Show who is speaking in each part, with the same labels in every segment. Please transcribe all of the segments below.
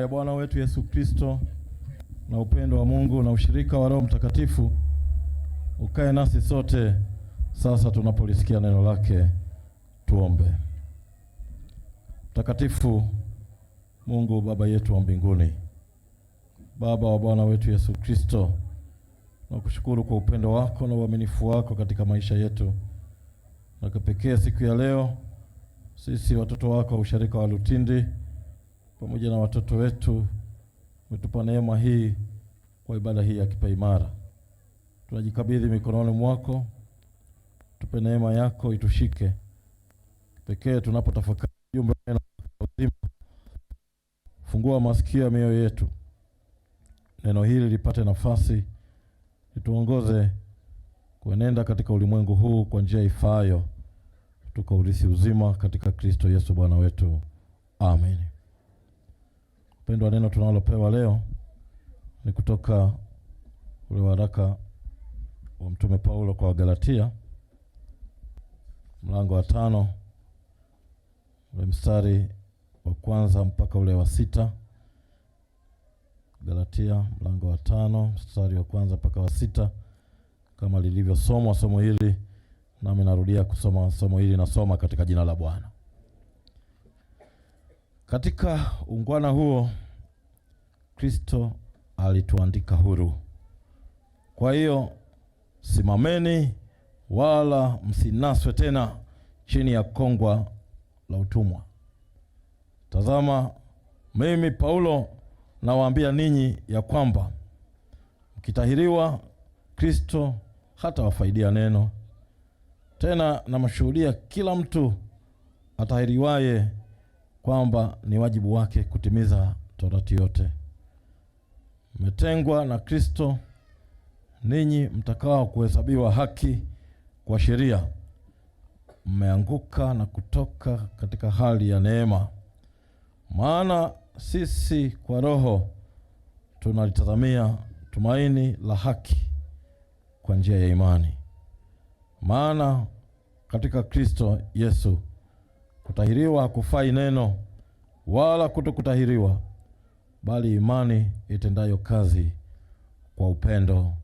Speaker 1: ya Bwana wetu Yesu Kristo na upendo wa Mungu na ushirika wa Roho Mtakatifu ukae nasi sote sasa tunapolisikia neno lake. Tuombe. Mtakatifu Mungu Baba yetu wa mbinguni, Baba wa Bwana wetu Yesu Kristo Nakushukuru kwa upendo wako na uaminifu wako katika maisha yetu, na kipekee siku ya leo sisi watoto wako wa usharika wa Lutindi pamoja na watoto wetu umetupa neema hii kwa ibada hii ya kipaimara. Tunajikabidhi mikononi mwako, tupe neema yako itushike pekee tunapotafakari jumbe uzima. Fungua masikio ya mioyo yetu, neno hili lipate nafasi ituongoze kuenenda katika ulimwengu huu kwa njia ifaayo, tukaurithi uzima katika Kristo Yesu Bwana wetu. Amen. Pendwa, neno tunalopewa leo ni kutoka ule waraka wa Mtume Paulo kwa Wagalatia mlango wa tano ule mstari wa kwanza mpaka ule wa sita. Galatia mlango wa tano mstari wa kwanza mpaka wa sita kama lilivyosomwa somo hili, nami narudia kusoma somo hili, nasoma katika jina la Bwana. Katika ungwana huo Kristo alituandika huru. Kwa hiyo simameni, wala msinaswe tena chini ya kongwa la utumwa. Tazama, mimi Paulo nawaambia ninyi ya kwamba mkitahiriwa, Kristo hata wafaidia neno tena. Namshuhudia kila mtu atahiriwaye kwamba ni wajibu wake kutimiza torati yote. Mmetengwa na Kristo ninyi mtakao kuhesabiwa haki kwa sheria, mmeanguka na kutoka katika hali ya neema, maana sisi kwa roho tunalitazamia tumaini la haki kwa njia ya imani. Maana katika Kristo Yesu kutahiriwa hakufai neno wala kutokutahiriwa, bali imani itendayo kazi kwa upendo.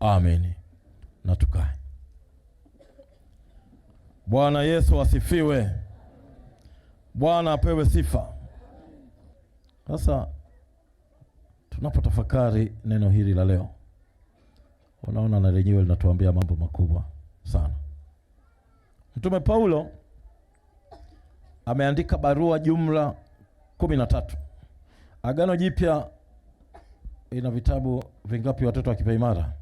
Speaker 1: Amini. Na tukae. Bwana Yesu asifiwe. Bwana apewe sifa. Sasa tunapotafakari neno hili la leo, unaona na lenyewe linatuambia mambo makubwa sana. Mtume Paulo ameandika barua jumla kumi na tatu. Agano Jipya ina vitabu vingapi? Watoto wa kipaimara,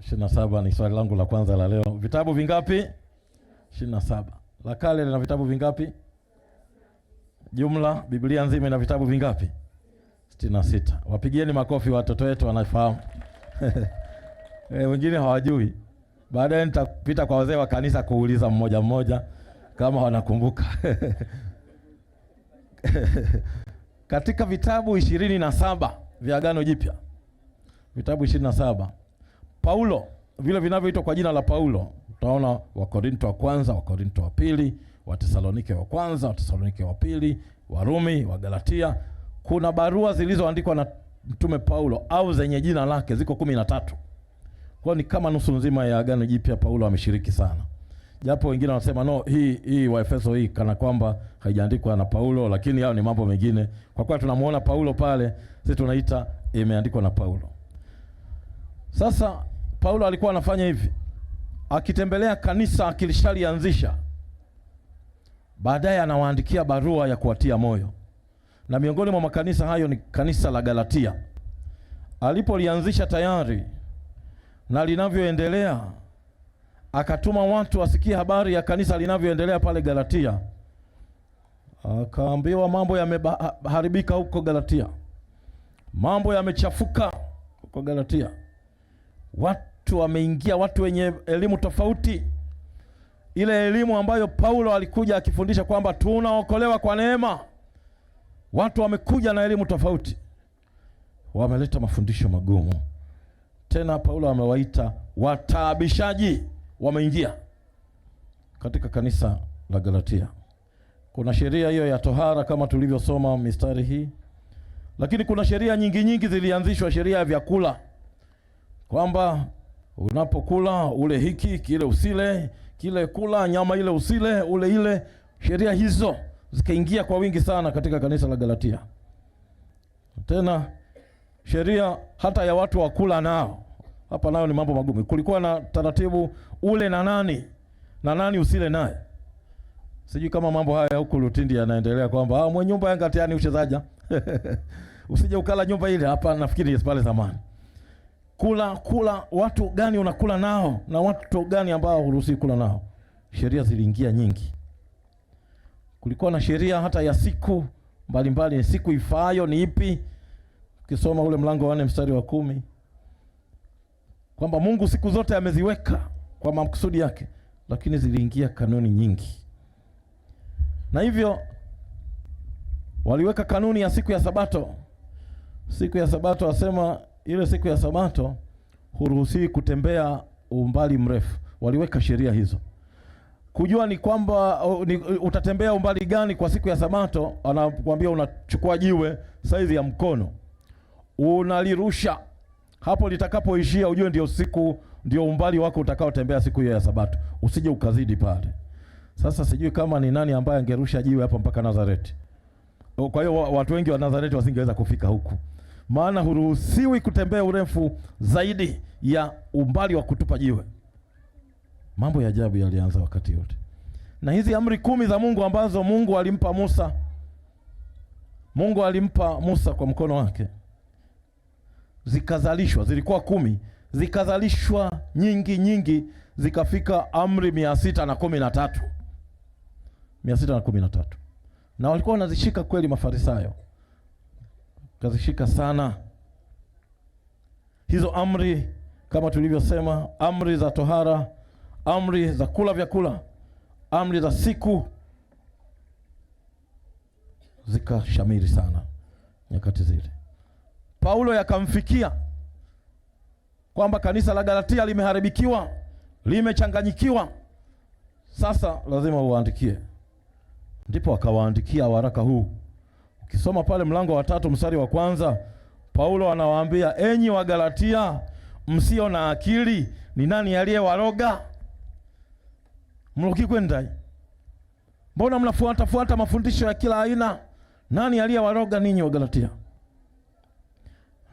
Speaker 1: ishirini saba ni swali langu la kwanza la leo. Vitabu vingapi? ishirini saba. La kale lina vitabu vingapi? Jumla Biblia nzima ina vitabu vingapi? sitini na sita. Wapigieni makofi watoto wetu wanafahamu. E, eh, wengine hawajui. Baadaye nitapita kwa wazee wa kanisa kuuliza mmoja mmoja kama wanakumbuka. Katika vitabu ishirini na saba vya Agano Jipya, vitabu ishirini na saba Paulo, vile vinavyoitwa kwa jina la Paulo, utaona Wakorinto wa kwanza, Wakorinto wa pili Watesalonike wa kwanza, Watesalonike wa pili, Warumi, Galatia. Kuna barua zilizoandikwa na Mtume Paulo au zenye jina lake ziko kumi na tatu. Kwa ni kama nusu nzima ya Agano Jipya Paulo ameshiriki sana, japo wengine wanasema no, hii hii Waefeso hii kana kwamba haijaandikwa na Paulo, lakini hayo ni mambo mengine. Kwa kuwa tunamuona Paulo pale, sisi tunaita imeandikwa na Paulo. Sasa Paulo alikuwa anafanya hivi, akitembelea kanisa akilishalianzisha Baadaye anawaandikia barua ya kuwatia moyo, na miongoni mwa makanisa hayo ni kanisa la Galatia. Alipolianzisha tayari na linavyoendelea, akatuma watu wasikie habari ya kanisa linavyoendelea pale Galatia. Akaambiwa mambo yameharibika huko Galatia, mambo yamechafuka huko Galatia, watu wameingia, watu wenye elimu tofauti ile elimu ambayo Paulo alikuja akifundisha kwamba tunaokolewa kwa neema. Watu wamekuja na elimu tofauti, wameleta mafundisho magumu. Tena Paulo amewaita wataabishaji, wameingia katika kanisa la Galatia. Kuna sheria hiyo ya tohara kama tulivyosoma mistari hii, lakini kuna sheria nyingi nyingi zilianzishwa, sheria ya vyakula, kwamba unapokula ule hiki, kile usile kile kula nyama ile usile ule ile, sheria hizo zikaingia kwa wingi sana katika kanisa la Galatia. Tena sheria hata ya watu wakula nao, hapa nayo ni mambo magumu. Kulikuwa na taratibu ule na nani na nani usile naye. Sijui kama mambo haya huko Lutindi yanaendelea kwamba ah, mwenye nyumba yangatiani atiani uchezaja usije ukala nyumba ile. Hapa nafikiri pale zamani kula kula watu gani unakula nao na watu gani ambao huruhusi kula nao. Sheria ziliingia nyingi, kulikuwa na sheria hata ya siku mbalimbali mbali. Siku ifaayo ni ipi? Ukisoma ule mlango wa nne mstari wa kumi kwamba Mungu siku zote ameziweka kwa makusudi yake, lakini ziliingia kanuni nyingi, na hivyo waliweka kanuni ya siku ya Sabato. Siku ya Sabato asema ile siku ya Sabato huruhusiwi kutembea umbali mrefu, waliweka sheria hizo. Kujua ni kwamba ni, utatembea umbali gani kwa siku ya Sabato, anakuambia unachukua jiwe saizi ya mkono unalirusha hapo litakapoishia, ujue ndio siku ndio umbali wako utakaotembea siku hiyo ya Sabato, usije ukazidi pale. Sasa sijui kama ni nani ambaye angerusha jiwe hapa mpaka Nazareti. Kwa hiyo watu wengi wa Nazareti wasingeweza kufika huku maana huruhusiwi kutembea urefu zaidi ya umbali wa kutupa jiwe. Mambo ya ajabu yalianza wakati yote, na hizi amri kumi za Mungu ambazo Mungu alimpa Musa, Mungu alimpa Musa kwa mkono wake, zikazalishwa, zilikuwa kumi, zikazalishwa nyingi nyingi, zikafika amri mia sita na kumi na tatu mia sita na kumi na tatu na walikuwa wanazishika kweli Mafarisayo kazishika sana hizo amri, kama tulivyosema, amri za tohara, amri za kula vyakula, amri za siku zikashamiri sana nyakati zile. Paulo yakamfikia kwamba kanisa la Galatia limeharibikiwa, limechanganyikiwa, sasa lazima uwaandikie. Ndipo akawaandikia waraka huu. Ukisoma pale mlango wa tatu mstari wa kwanza Paulo anawaambia enyi Wagalatia msio na akili, ni nani aliyewaroga mloki kwenda? Mbona mnafuatafuata mafundisho ya kila aina? Nani aliyewaroga ninyi wa galatia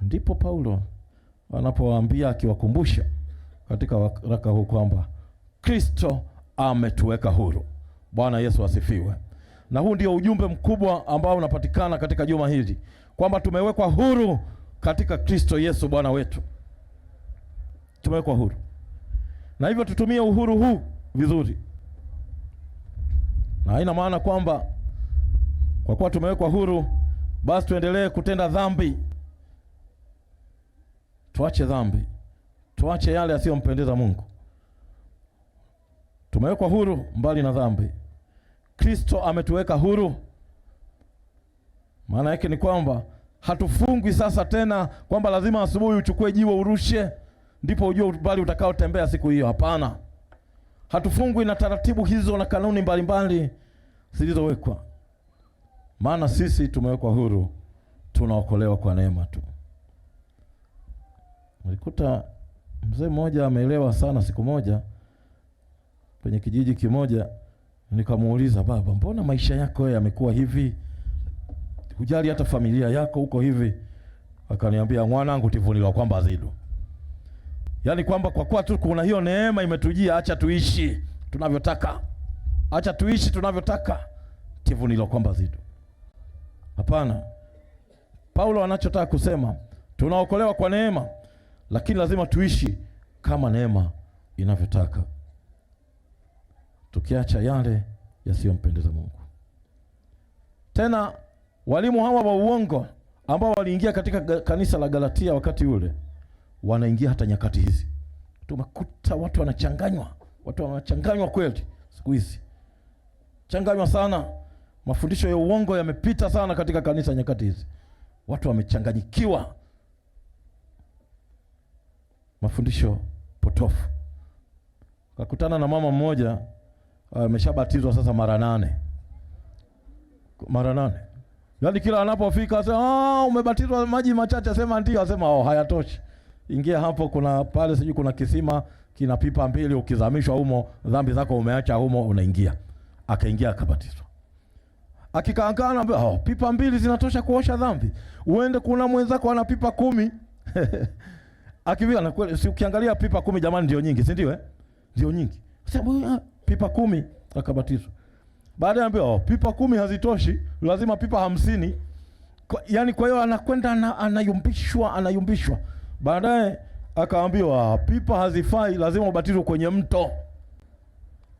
Speaker 1: Ndipo Paulo anapowaambia akiwakumbusha katika waraka huu kwamba Kristo ametuweka huru. Bwana Yesu asifiwe. Na huu ndio ujumbe mkubwa ambao unapatikana katika juma hili kwamba tumewekwa huru katika Kristo Yesu Bwana wetu, tumewekwa huru, na hivyo tutumie uhuru huu vizuri, na haina maana kwamba kwa kuwa tumewekwa huru basi tuendelee kutenda dhambi. Tuache dhambi, tuache yale yasiyompendeza Mungu. Tumewekwa huru mbali na dhambi. Kristo ametuweka huru. Maana yake ni kwamba hatufungwi sasa tena kwamba lazima asubuhi uchukue jiwe urushe ndipo ujue umbali utakaotembea siku hiyo. Hapana, hatufungwi na taratibu hizo na kanuni mbalimbali zilizowekwa, maana sisi tumewekwa huru, tunaokolewa kwa neema tu. Nilikuta mzee mmoja ameelewa sana siku moja kwenye kijiji kimoja Nikamuuliza, baba, mbona maisha yako yamekuwa hivi? Hujali hata familia yako huko hivi? Akaniambia, mwanangu, tivunilwa kwamba zidu, yaani kwamba kwa kuwa tu kuna hiyo neema imetujia, acha tuishi tunavyotaka, acha tuishi tunavyotaka, tivunilwa kwamba zidu. Hapana, Paulo anachotaka kusema tunaokolewa kwa neema, lakini lazima tuishi kama neema inavyotaka tukiacha yale yasiyompendeza Mungu. Tena walimu hawa wa uongo ambao waliingia katika kanisa la Galatia wakati ule, wanaingia hata nyakati hizi. Tumekuta watu wanachanganywa, watu wanachanganywa kweli siku hizi, changanywa sana. Mafundisho ya uongo yamepita sana katika kanisa nyakati hizi, watu wamechanganyikiwa mafundisho potofu. Kakutana na mama mmoja Ah, ameshabatizwa sasa mara nane mara nane, yaani kila anapofika asema ah, umebatizwa maji machache, asema ndio, asema oh, hayatoshi, ingia hapo, kuna pale sijui kuna kisima kina pipa mbili, ukizamishwa humo dhambi zako umeacha humo, unaingia. Akaingia akabatizwa, akikangaa na oh, pipa mbili zinatosha kuosha dhambi. Uende kuna mwenzako ana pipa kumi akivika na kweli, si ukiangalia pipa kumi jamani, ndio nyingi, si ndio eh? Ndio nyingi, sababu pipa kumi akabatizwa. Baada ya oh, pipa kumi hazitoshi, lazima pipa hamsini. Kwa, yani kwa hiyo anakwenda na, anayumbishwa anayumbishwa. Baadaye akaambiwa pipa hazifai, lazima ubatizwe kwenye mto.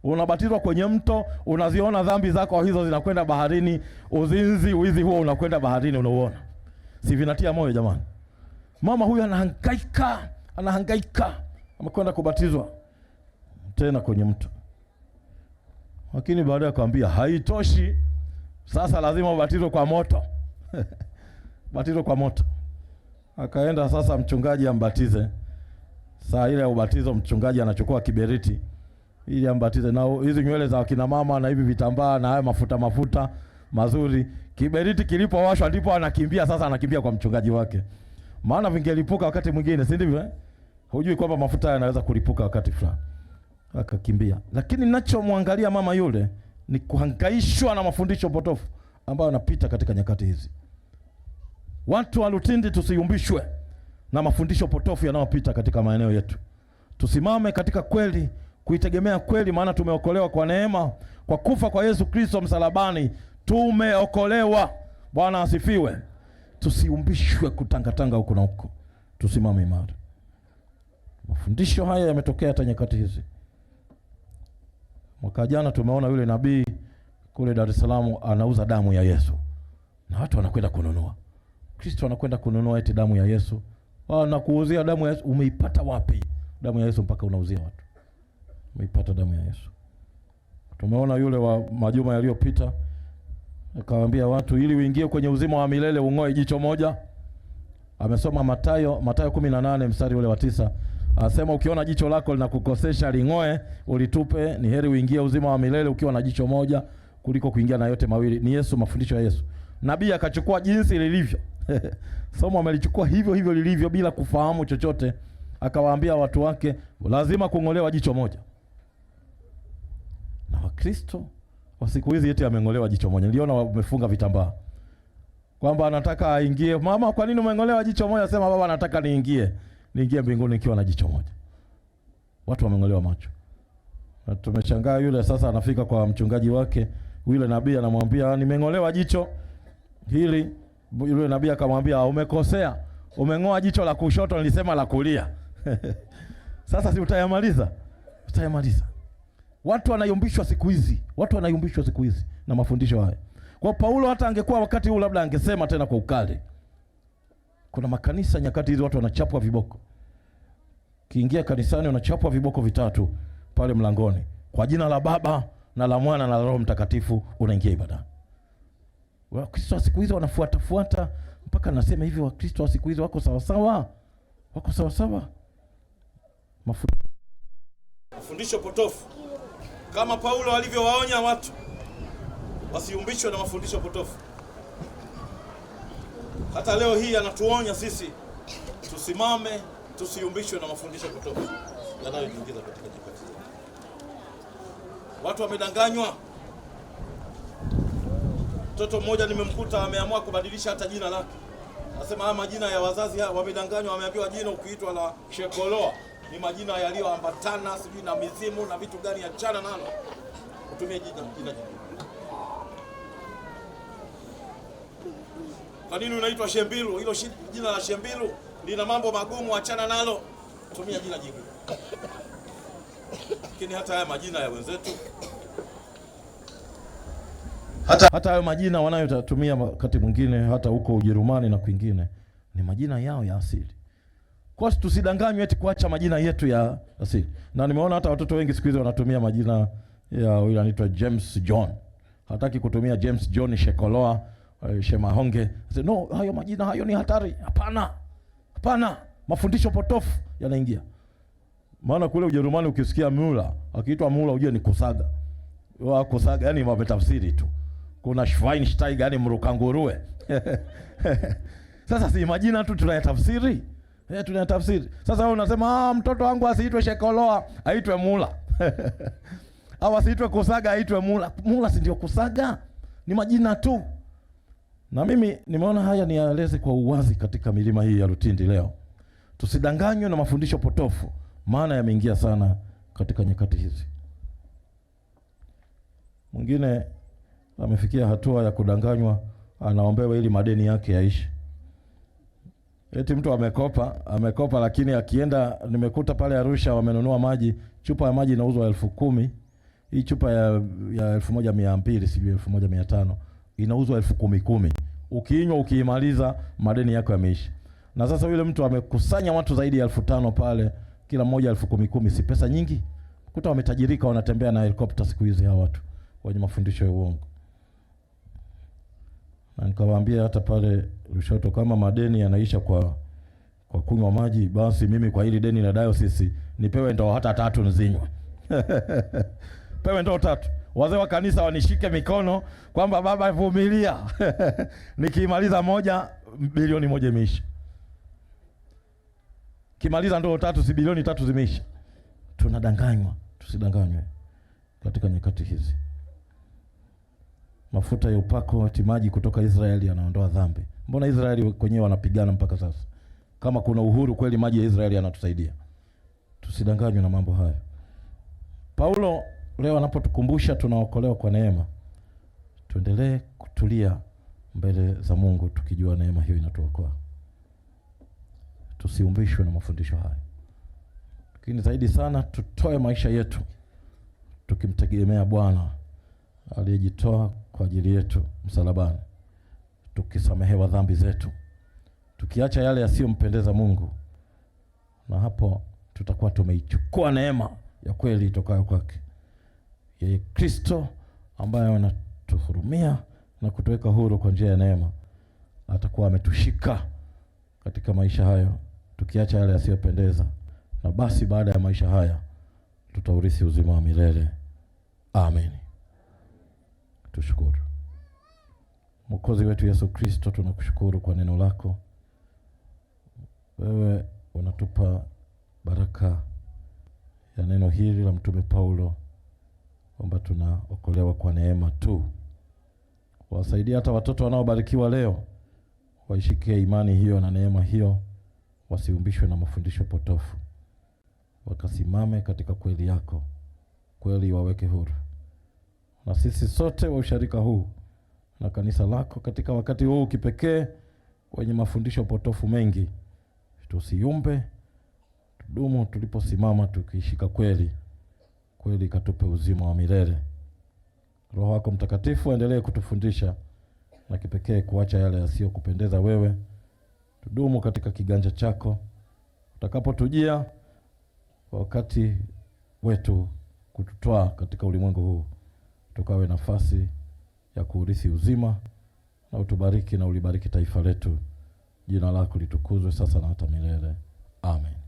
Speaker 1: Unabatizwa kwenye mto, unaziona dhambi zako hizo zinakwenda baharini, uzinzi, wizi huo unakwenda baharini, unauona. Si vinatia moyo jamani? Mama huyu anahangaika, anahangaika, amekwenda kubatizwa tena kwenye mto. Lakini baada ya kuambia haitoshi, sasa lazima ubatizwe kwa moto batizo kwa moto. Akaenda sasa mchungaji ambatize. Saa ile ya ubatizo mchungaji anachukua kiberiti ili ambatize, na hizi nywele za kina mama na hivi vitambaa na haya mafuta mafuta mazuri. Kiberiti kilipowashwa ndipo anakimbia sasa, anakimbia kwa mchungaji wake, maana vingelipuka wakati mwingine, si ndivyo? Eh? Hujui kwamba mafuta yanaweza kulipuka wakati fulani akakimbia. Lakini ninachomwangalia mama yule ni kuhangaishwa na mafundisho potofu ambayo yanapita katika nyakati hizi. Watu wa Lutindi tusiyumbishwe na mafundisho potofu yanayopita katika maeneo yetu. Tusimame katika kweli, kuitegemea kweli, maana tumeokolewa kwa neema, kwa kufa kwa Yesu Kristo msalabani tumeokolewa. Bwana asifiwe. Tusiumbishwe kutangatanga huku na huko, tusimame imara. Mafundisho haya yametokea hata nyakati hizi. Mwaka jana tumeona yule nabii kule Dar es Salaam anauza damu ya Yesu na watu wanakwenda kununua. Kristo anakwenda kununua eti damu ya Yesu. Ah, nakuuzia damu ya Yesu. Umeipata wapi damu ya Yesu mpaka unauzia watu? Umeipata damu ya Yesu. Tumeona yule wa majuma yaliyopita akawaambia watu ili uingie kwenye uzima wa milele ung'oe jicho moja. Amesoma Mathayo, Mathayo 18 mstari ule wa tisa Asema ukiona jicho lako linakukosesha ling'oe, ulitupe. Ni heri uingie uzima wa milele ukiwa na jicho moja kuliko kuingia na yote mawili. Ni Yesu, mafundisho ya Yesu. Nabii akachukua jinsi lilivyo somo amelichukua hivyo hivyo lilivyo, bila kufahamu chochote. Akawaambia watu wake lazima kung'olewa jicho moja, na Wakristo wa siku hizi eti ameng'olewa jicho moja. Niliona wamefunga vitambaa kwamba anataka aingie. Mama, kwa nini umeng'olewa jicho moja? Sema baba, anataka niingie niingia mbinguni nikiwa na jicho moja. Watu wameng'olewa macho. Na tumeshangaa yule sasa anafika kwa mchungaji wake, yule nabii anamwambia nimeng'olewa jicho hili. Yule nabii akamwambia umekosea, umeng'oa jicho la kushoto, nilisema la kulia. Sasa si utayamaliza? Utayamaliza. Watu wanayumbishwa siku hizi, watu wanayumbishwa siku hizi na mafundisho haya. Kwa Paulo hata angekuwa wakati huu, labda angesema tena kwa ukali, kuna makanisa nyakati hizi watu wanachapwa viboko, kiingia kanisani unachapwa viboko vitatu pale mlangoni, kwa jina la Baba na la Mwana na la Roho Mtakatifu, unaingia ibada. Wakristo wa siku hizi wanafuatafuata mpaka nasema hivi, Wakristo wa siku hizi wako sawasawa? Wako sawasawa?
Speaker 2: Mafundisho potofu kama Paulo alivyowaonya watu wasiumbishwe na mafundisho potofu. Hata leo hii anatuonya sisi tusimame, tusiumbishwe na mafundisho kutoka yanayojiingiza katika nyakati. Watu wamedanganywa. Mtoto mmoja nimemkuta ameamua kubadilisha hata jina lake, anasema haya majina ya wazazi haya, wamedanganywa. Wameambiwa jina ukiitwa la Shekoloa ni majina yaliyoambatana sijui na mizimu na vitu gani, achana nalo, utumie jina jingine. Kwa nini unaitwa Shembilu? Hilo jina la Shembilu lina mambo magumu, achana nalo, tumia jina jingine. Lakini hata haya majina ya wenzetu
Speaker 1: hata hata hayo majina wanayotatumia wakati mwingine hata huko Ujerumani na kwingine ni majina yao ya asili. Kwa hiyo tusidanganywe eti kuacha majina yetu ya asili. Na nimeona hata watoto wengi siku hizi wanatumia majina ya yule anaitwa James John. Hataki kutumia James John Shekoloa. Shema Honge said, no, hayo majina hayo ni hatari. Hapana, hapana, mafundisho potofu yanaingia. Maana kule Ujerumani ukisikia Mula akiitwa Mula ujue ni kusaga wa kusaga, yani wametafsiri tu. Kuna Schweinsteiger, yani mrukanguruwe Sasa si majina tu tunayatafsiri eh, tunayatafsiri. Sasa wewe unasema ah, mtoto wangu asiitwe Shekoloa, aitwe Mula au asiitwe kusaga, aitwe Mula. Mula si ndio kusaga? Ni majina tu. Na mimi nimeona haya niyaeleze kwa uwazi katika milima hii ya Lutindi leo. Tusidanganywe na mafundisho potofu, maana yameingia sana katika nyakati hizi. Mwingine amefikia hatua ya kudanganywa, anaombewa ili madeni yake yaishi. Eti mtu amekopa, amekopa lakini akienda, nimekuta pale Arusha wamenunua maji, chupa ya maji inauzwa elfu kumi hii chupa ya, ya elfu moja mia mbili sijui elfu moja mia tano inauzwa elfu kumi kumi. Ukiinywa ukiimaliza, madeni yako yameisha. Na sasa yule mtu amekusanya watu zaidi ya elfu tano pale, kila mmoja elfu kumi kumi, si pesa nyingi? Kuta wametajirika, wanatembea na helikopta siku hizi hawa watu wenye mafundisho ya uongo. Na nikawaambia hata pale Lushoto, kama madeni yanaisha kwa kwa kunywa maji, basi mimi kwa hili deni la dayosisi nipewe ndoo hata tatu nzinywa pewe ndoo tatu wazee wa kanisa wanishike mikono kwamba baba, vumilia nikimaliza moja, bilioni moja imeisha. Kimaliza ndoo tatu, si bilioni tatu zimeisha. Tunadanganywa, tusidanganywe katika nyakati hizi. Mafuta ya upako timaji kutoka Israeli yanaondoa dhambi. Mbona Israeli kwenyewe wanapigana mpaka sasa? Kama kuna uhuru kweli, maji ya Israeli yanatusaidia. Tusidanganywe na mambo hayo. Paulo leo anapotukumbusha tunaokolewa kwa neema, tuendelee kutulia mbele za Mungu tukijua neema hiyo inatuokoa. Tusiumbishwe na mafundisho haya, lakini zaidi sana tutoe maisha yetu tukimtegemea Bwana aliyejitoa kwa ajili yetu msalabani, tukisamehewa dhambi zetu, tukiacha yale yasiyompendeza Mungu, na hapo tutakuwa tumeichukua neema ya kweli itokayo kwake yeye Kristo ambaye anatuhurumia na kutuweka huru kwa njia ya neema, atakuwa ametushika katika maisha hayo, tukiacha yale yasiyopendeza, na basi baada ya maisha haya tutaurithi uzima wa milele. Amen. Tushukuru Mwokozi wetu Yesu Kristo, tunakushukuru kwa neno lako. Wewe unatupa baraka ya neno hili la Mtume Paulo kwamba tunaokolewa kwa neema tu, kuwasaidia hata watoto wanaobarikiwa leo waishikie imani hiyo na neema hiyo, wasiumbishwe na mafundisho potofu, wakasimame katika kweli yako, kweli waweke huru. Na sisi sote wa usharika huu na kanisa lako katika wakati huu kipekee wenye mafundisho potofu mengi, tusiumbe tudumu tuliposimama, tukishika kweli kweli katupe uzima wa milele. Roho wako Mtakatifu aendelee kutufundisha na kipekee kuacha yale yasiyokupendeza wewe. Tudumu katika kiganja chako utakapotujia kwa wakati wetu kututwaa katika ulimwengu huu, tukawe nafasi ya kuurithi uzima, na utubariki na ulibariki taifa letu. Jina lako litukuzwe sasa na hata milele. Amen.